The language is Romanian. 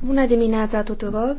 Bună dimineața tuturor!